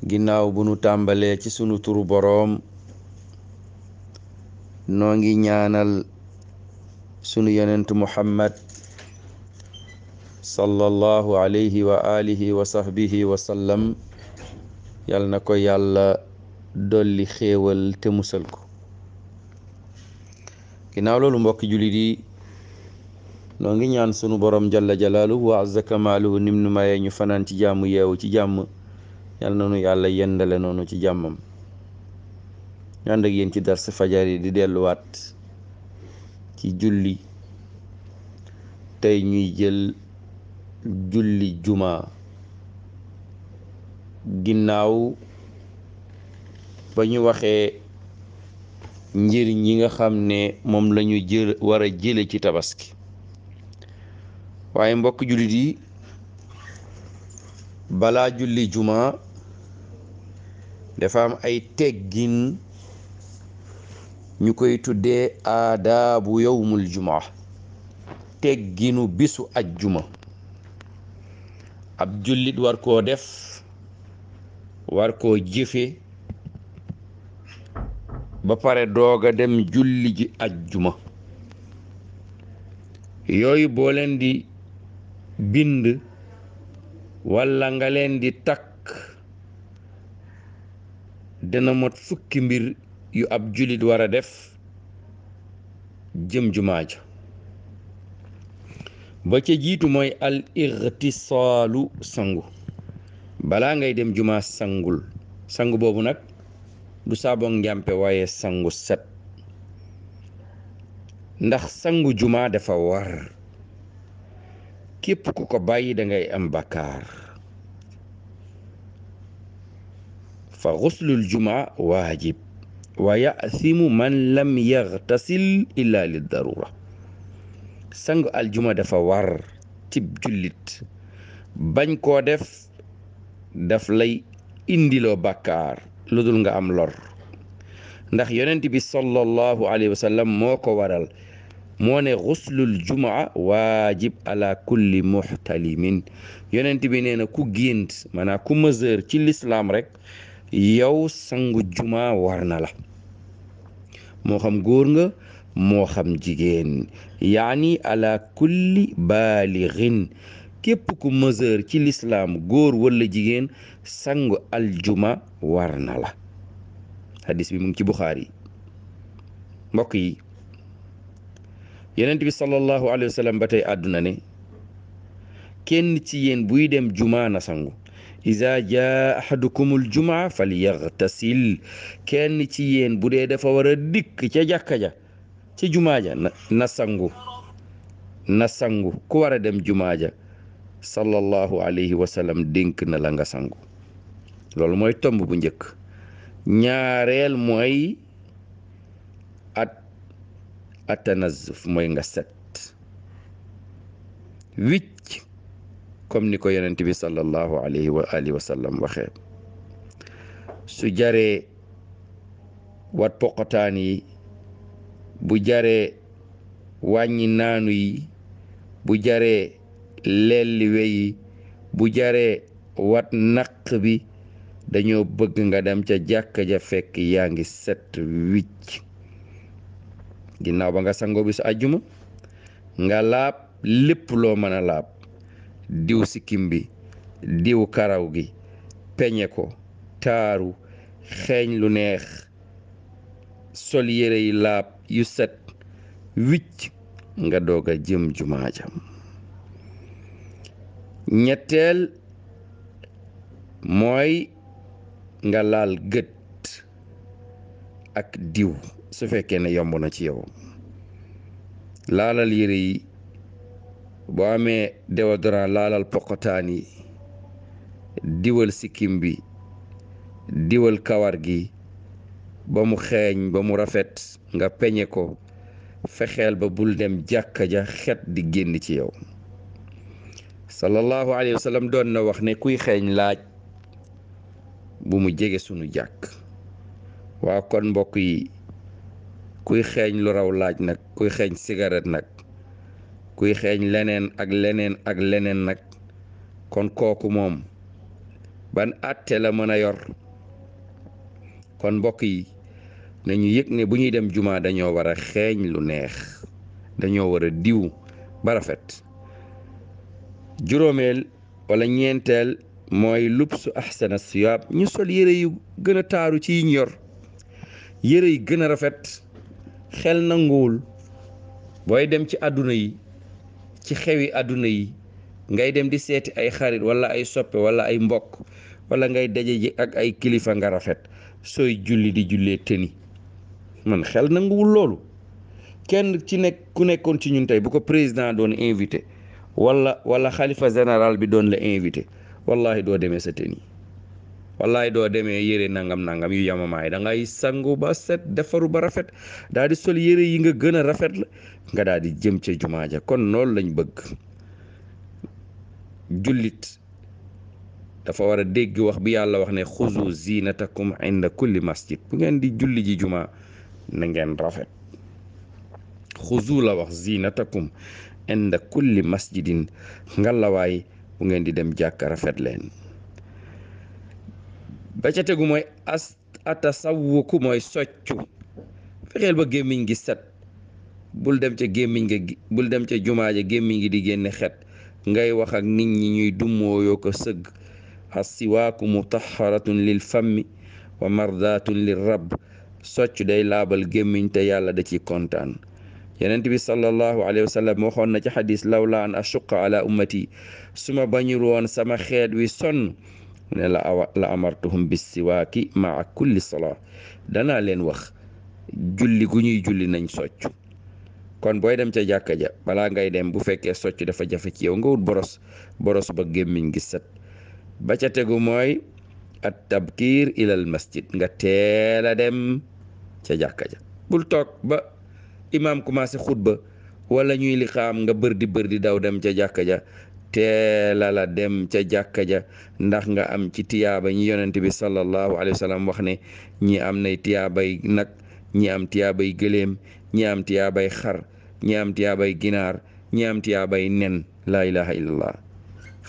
ginnaaw bu nu tàmbalee ci sunu turu boroom noo ngi ñaanal sunu yonent muhammad sallallahu alayhi wa wa sahbihi wa sallam yal na ko yàlla dolli xéewal te musal ko ginnaaw loolu mbokk jullit yi noo ngi ñaan sunu boroom jalla jalaaluhu wa azza kamaaluhu nim nu mayee ñu fanaan ci jàmm yeewu ci jàmm yàlla noonu nu yàlla yendale noonu ci jàmmam ñu ànd ak yéen ci dars fajar yi di delluwaat ci julli tey ñuy jël julli jumaa ginnaaw ba ñu waxee njëriñ yi nga xam ne moom lañu jël war a jële ci tabaski waaye mbokk jullit yi balaa julli juma dafa ay teggin ñu koy tuddee aadaabu yowmul jumaa tegginu bisu ajjuma ab jullit war koo def war koo jëfe ba pare dooga dem julli ji ajjuma yooyu boo leen di bind walla nga leen takk dana mot fukki mbir yu ab jullit wara def jëm jumaa ja ba ca jiitu mooy al irtisaalu sangu bala ngay dem jumaa sangul sangu boobu nag du saabon njàmpe waaye sangu set ndax sangu jumaa dafa war képp ku ko bàyyi dangay am bakkaar fa xuslul juma waajib wa yasimu man lam yaxtasil illa li darura sangu aljuma dafa war cib jullit bañ koo def daf lay indiloo bàkkaar lu dul nga am lor ndax yonent bi sallallahu alayhi wa moo ko waral moo ne xuslul jumaa waajib ala kulli muxtalimin yonent bi nee ku gént maanaam ku mesure ci lislaam rek yow sangu juma war la moo xam góor nga moo xam jigéen yaani ala kulli baalixin képp ku meseur ci lislaam góor walla jigéen sangu aljuma war na hadis bi mu ngi ci buxaari mbokk yi yeneen bi sallallahu alayhi wa sallam ba tey àdduna ne kenn ci yéen buy dem juma na sangu ida jaa ahadukumul jumaa falyaghtasil kenn ci yéen bu dee dafa war a dikk ca jàkka ja ca jumaa ja na sangu na sangu ku war dem jumaa ja sallallahu alayhi wa sallam dénk na la nga sangu loolu mooy tomb bu njëkk ñaareel mooy at atanazuf mooy nga set wicc comme ni ko yonent bi sallallahu alayhi wa alihi wa sallam su jaree wat poqotaan yi bu jaree wàññi naanu yi bu jaree lelli weyi bu jaree wat naq bi dañoo bëgg nga dem ca jàkka ja fekk yaa ngi set wicc ginnaaw ba nga sango bi sa àjjuma nga laab lépp loo mën a laab diw sikkim bi diw karaw gi peñe ko taaru xeeñ lu neex sol yére yi laab yu set wicc nga doog jëm jumaa jam ñetteel mooy nga laal gët ak diw su fekkee ne yomb na ci yow laalal yére yi boo amee déodorant laalal poqotaan yi diwal sikkim bi diwal kawar gi ba mu xeeñ ba mu rafet nga peñe ko fexeel ba bul dem jàkka ja xet di génn ci yow sallallahu alayhi wa doon na wax ne kuy xeeñ laaj bu mu jege sunu jàkk waa kon mbokk yi kuy xeeñ lu raw laaj nag kuy xeeñ sigaret nag kuy xeeñ leneen ak leneen ak leneen nag kon kooku moom ban àtte la mën a yor kon mbokk yi nañu yëg ne bu ñuy dem jumaa dañoo war a xeeñ lu neex dañoo war a diw ba rafet juróomeel wala ñeenteel mooy lubsu ahsana siyaab ñu sol yére yu gën a taaru ci yiñ yor yére yi gën a rafet xel nanguwul booy dem ci àdduna yi ci xewi àdduna yi ngay dem di seeti ay xarit wala ay soppe wala ay mbokk wala ngay daje ak ay kilifa nga rafet sooy julli di jullee teni man xel nanguwul loolu kenn ci nekk ku nekkoon ci ñun tey bu ko président doon invité wala wala xalifa général bi doon la invité wallahi doo demee sa teni wallaay doo demee yére nangam nangam yu yamamaay da ngay sangu ba set defaru ba rafet daa di sol yére yi nga gën a rafet la nga daa di jëm ca jumaa ja kon loolu lañ bëgg jullit dafa war a dégg wax bi yàlla wax ne xuzu zinatakum inda kulli masjid bu ngeen di julli ji jumaa na ngeen rafet xuzu la wax zinatakum inda kulli masjidin ngalawaay bu ngeen di dem jàkk rafet leen ba ca tegu mooy as atasawuku mooy soccu fexeel ba gémmiñ gi set bul dem ca gémmiñ bul dem ca jumaa ja gémmiñ gi di génne xet ngay wax ak nit ñi ñuy dummooyoo ko sëgg assiwaaku mutaharatun lil fammi wa mardatun lil rab socc day laabal gémmiñ te yàlla da ci kontaan yonent bi sallallahu alayhi wa sallam waxoon na ci xadis lawla an ashuqa ala ummati suma bañul woon sama xeet wi sonn mu ne la awa la amartuhum bis siwaaki maa kulli salaa danaa leen wax julli gu ñuy julli nañ soccu kon booy dem ca jàkka ja balaa ngay dem bu fekkee socc dafa jafe ci yow nga wut boros ba gémmiñ gi set ba ca tegu mooy at tabkiir ilal masjid nga teel a dem ca jàkka ja bul toog ba imaam commencé xutba wala ñuy liqaam nga bër bërdi daw dem ca jàkka ja teela la dem ca jàkka ja ndax nga am ci tiyaaba ñi yonent bi sallallahu alayhi wa sallam wax ne ñi am nay tiyaabay nag ñi am tiyaabay gëléem ñi am tiyaabay xar ñi am tiyaabay ginaar ñi am tiyaabay nen laa ilaha illallah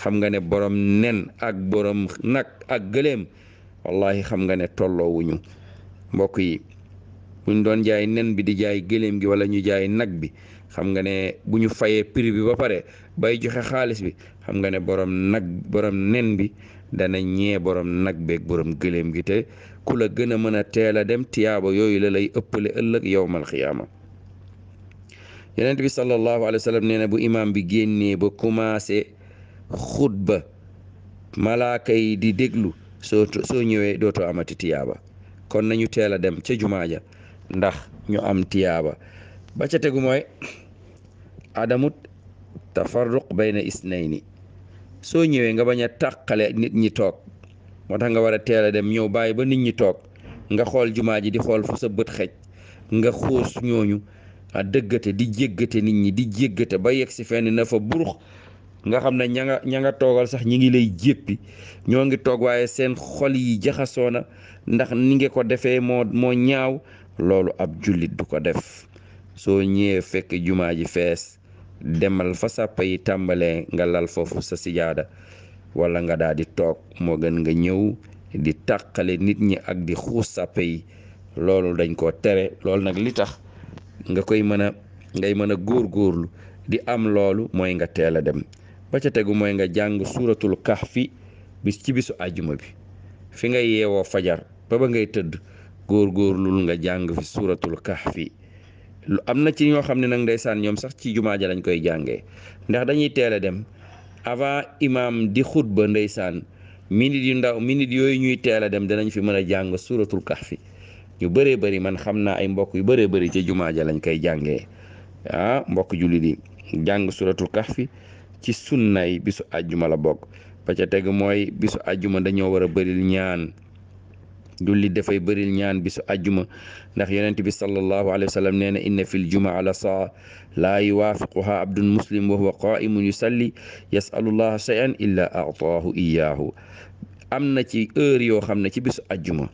xam nga ne borom nen ak borom nag ak gëléem wallahi xam nga ne tolloo wuñu mbokk yi buñ doon jaay nen bi di jaay gëléem gi wala ñu jaay nag bi xam nga ne bu ñu fayee prix bi ba pare bay joxe xaalis bi xam nga ne borom nag borom nen bi dana ñee borom nag beeg borom gëléem gi te ku la gën a mën a teel a dem tiyaaba yooyu la lay ëppale ëllëg yowmal xiyaama yonent bi sallallahu alayhi wa sallam nee bu imaam bi génnee ba commencé xutba malaaka yi di déglu soo soo ñëwee dootoo amati tiyaaba kon nañu teel a dem ca jumaa ja ndax ñu am tiyaaba ba ca tegu mooy adamut tafarruq bayna isnayni soo ñëwee nga bañ a tàqale nit ñi toog moo tax nga war a teel a dem ñëw bàyyi ba nit ñi toog nga xool jumaa ji di xool fu sa bët xej nga xuus ñooñu a dëggate di jéggate nit ñi di jéggate ba yegg si fenn na fa burux nga xam ne ña nga ña nga toogal sax ñi ngi lay jéppi ñoo ngi toog waaye seen xol yi jaxasoo na ndax ni nga ko defee moo moo ñaaw loolu ab jullit du ko def soo ñëwee fekk jumaa ji fees demal fa sàppa yi tàmbalee nga lal foofu sa sijaada walla nga daal di toog moo gën nga ñëw di taqale nit ñi ak di xuus sàppa yi loolu dañ koo tere loolu nag li tax nga koy mën a ngay mën a góorlu di am loolu mooy nga teel a dem ba ca tegu mooy nga jàng suuratul kahfi bis ci bisu àjjuma bi fi ngay yeewoo fajar ba ba ngay tëdd góorgóorlul nga jàng fi suuratul kahfi lu am na ci ñoo xam ne nag ndeysaan ñoom sax ci jumaa ja lañ koy jàngee ndax dañuy teel a dem avant imaam di xutba ndeysaan minit yu ndaw minit yooyu ñuy teel a dem danañ fi mën a jàng suuratul kahfi ñu bëree bëri man xam naa ay mbokk yu bëree bëri ci jumaa lañ koy jànge ah mbokk jullit yi jàng suuratul kahfi ci sunnay bisu àjjuma la bokk ba ca mooy bisu àjjuma dañoo war a ñaan julli dafay bëril ñaan bisu àjjuma ndax yonent bi sallallahu alayhi wa inna fil jumaa la saa laa yuwaafiquha abdun muslim wa huwa qaaimun yusalli yasalullaha cheyan illa ataahu iyaahu am na ci heure yoo xam ne ci bisu àjjuma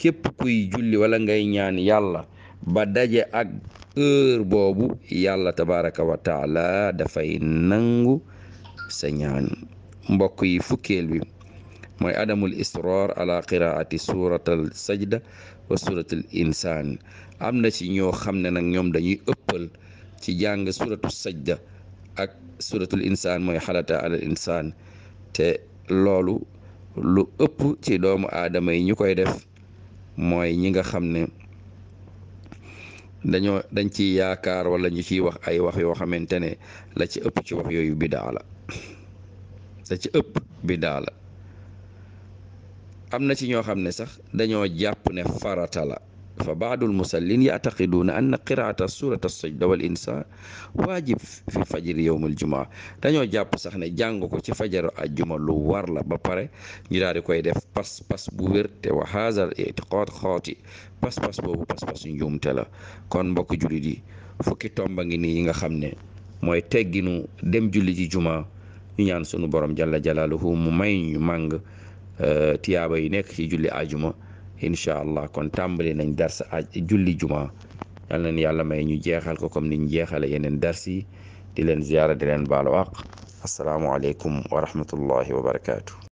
képp kuy julli wala ngay ñaan yàlla ba daje ak heure boobu yàlla tabaraka wa taala dafay nangu sa ñaan mbokk yi fukkeel bi mooy adamul israr ala qiraati suratal sajda wa suratul insaan am na ci ñoo xam ne nag ñoom dañuy ëpp ci jàng suratu sajda ak suratul insaan mooy xalata alal insaan te loolu lu ëpp ci doomu aadama yi ñu koy def mooy ñi nga xam ne dañoo dañ ci yaakaar wala ñu ciy wax ay wax yoo xamante ne la ci ëpp ci wax yooyu bidaa la la ci ëpp bidaa am na ci ñoo xam ne sax dañoo jàpp ne farata la fa baadul musallin yaataqiduuna anna qiraata surata sajda wal insa waajib fi fajri yowmul jumaa dañoo jàpp sax ne jàng ko ci fajaru ajjuma lu war la ba pare ñu daal di koy def pas pas bu wér te wa haazal itiqaad xooti pas pas boobu pas pas njuumte la kon mbokk jullit yi fukki tomba ngi ni yi nga xam ne mooy tegginu dem julli ji jumaa ñu ñaan sunu borom jalla jalaaluhu mu may ñu màng Euh, tiyaaba yi nekk ci julli ajuma incha allah kon tàmbali nañ dars aj julli juma yal nañ yàlla may ñu jeexal ko comme niñ jeexale yeneen dars yi di leen ziyaara di leen baalu àq asalaamualeykum wa rahmatullahi wa barakaatu.